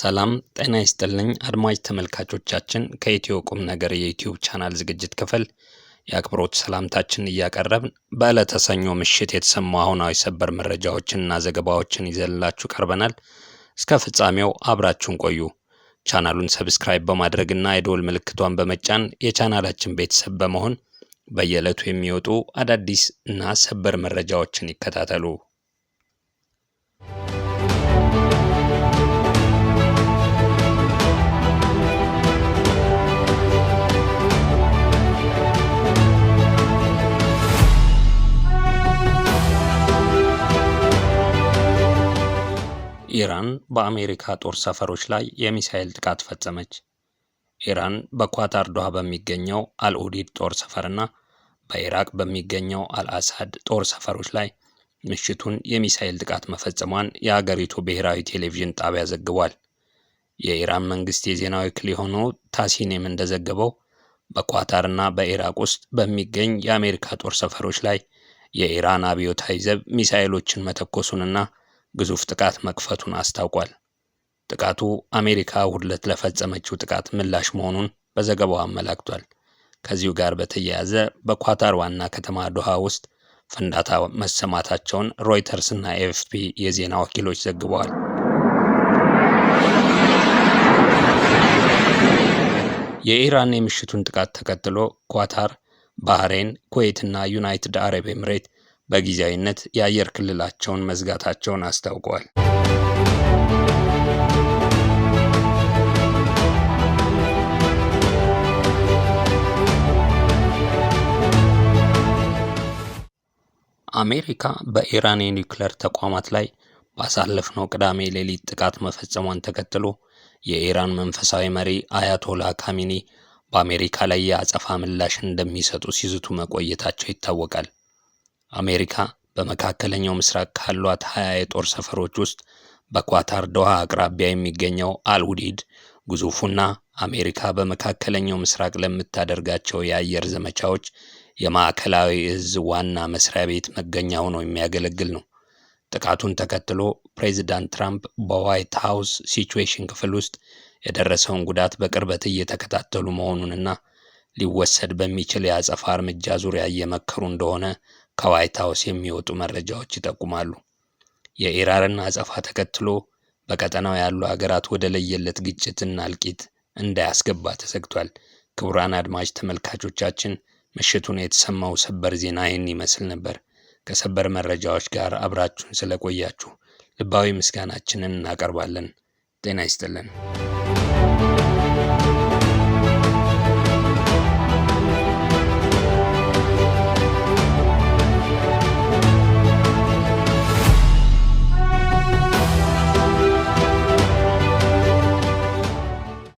ሰላም ጤና ይስጥልኝ አድማጭ ተመልካቾቻችን ከኢትዮ ቁም ነገር የዩቲዩብ ቻናል ዝግጅት ክፍል የአክብሮት ሰላምታችን እያቀረብን በዕለተ ሰኞ ምሽት የተሰሙ አሁናዊ ሰበር መረጃዎችንና ዘገባዎችን ይዘንላችሁ ቀርበናል። እስከ ፍጻሜው አብራችሁን ቆዩ። ቻናሉን ሰብስክራይብ በማድረግና የደወል ምልክቷን በመጫን የቻናላችን ቤተሰብ በመሆን በየዕለቱ የሚወጡ አዳዲስ እና ሰበር መረጃዎችን ይከታተሉ። ኢራን በአሜሪካ ጦር ሰፈሮች ላይ የሚሳኤል ጥቃት ፈጸመች። ኢራን በኳታር ዶሃ በሚገኘው አልኡዲድ ጦር ሰፈርና በኢራቅ በሚገኘው አልአሳድ ጦር ሰፈሮች ላይ ምሽቱን የሚሳኤል ጥቃት መፈጸሟን የአገሪቱ ብሔራዊ ቴሌቪዥን ጣቢያ ዘግቧል። የኢራን መንግስት የዜና ወኪል የሆነው ታሲኔም እንደዘገበው በኳታርና በኢራቅ ውስጥ በሚገኝ የአሜሪካ ጦር ሰፈሮች ላይ የኢራን አብዮታዊ ዘብ ሚሳኤሎችን መተኮሱንና ግዙፍ ጥቃት መክፈቱን አስታውቋል። ጥቃቱ አሜሪካ እሁድ ዕለት ለፈጸመችው ጥቃት ምላሽ መሆኑን በዘገባው አመላክቷል። ከዚሁ ጋር በተያያዘ በኳታር ዋና ከተማ ዶሃ ውስጥ ፍንዳታ መሰማታቸውን ሮይተርስ እና ኤኤፍፒ የዜና ወኪሎች ዘግበዋል። የኢራን የምሽቱን ጥቃት ተከትሎ ኳታር፣ ባህሬን፣ ኩዌት እና ዩናይትድ አረብ ኤምሬት በጊዜያዊነት የአየር ክልላቸውን መዝጋታቸውን አስታውቀዋል። አሜሪካ በኢራን የኒውክሌር ተቋማት ላይ ባሳለፍነው ቅዳሜ ሌሊት ጥቃት መፈጸሟን ተከትሎ የኢራን መንፈሳዊ መሪ አያቶላ ካሚኒ በአሜሪካ ላይ የአጸፋ ምላሽ እንደሚሰጡ ሲዝቱ መቆየታቸው ይታወቃል። አሜሪካ በመካከለኛው ምስራቅ ካሏት ሀያ የጦር ሰፈሮች ውስጥ በኳታር ዶሃ አቅራቢያ የሚገኘው አልውዲድ ግዙፉና አሜሪካ በመካከለኛው ምስራቅ ለምታደርጋቸው የአየር ዘመቻዎች የማዕከላዊ እዝ ዋና መስሪያ ቤት መገኛ ሆኖ የሚያገለግል ነው። ጥቃቱን ተከትሎ ፕሬዚዳንት ትራምፕ በዋይት ሃውስ ሲቹዌሽን ክፍል ውስጥ የደረሰውን ጉዳት በቅርበት እየተከታተሉ መሆኑንና ሊወሰድ በሚችል የአጸፋ እርምጃ ዙሪያ እየመከሩ እንደሆነ ከዋይት ሀውስ የሚወጡ መረጃዎች ይጠቁማሉ። የኢራንን አጸፋ ተከትሎ በቀጠናው ያሉ ሀገራት ወደ ለየለት ግጭትና እልቂት እንዳያስገባ ተሰግቷል። ክቡራን አድማጭ ተመልካቾቻችን ምሽቱን የተሰማው ሰበር ዜና ይህን ይመስል ነበር። ከሰበር መረጃዎች ጋር አብራችሁን ስለቆያችሁ ልባዊ ምስጋናችንን እናቀርባለን። ጤና ይስጥልን።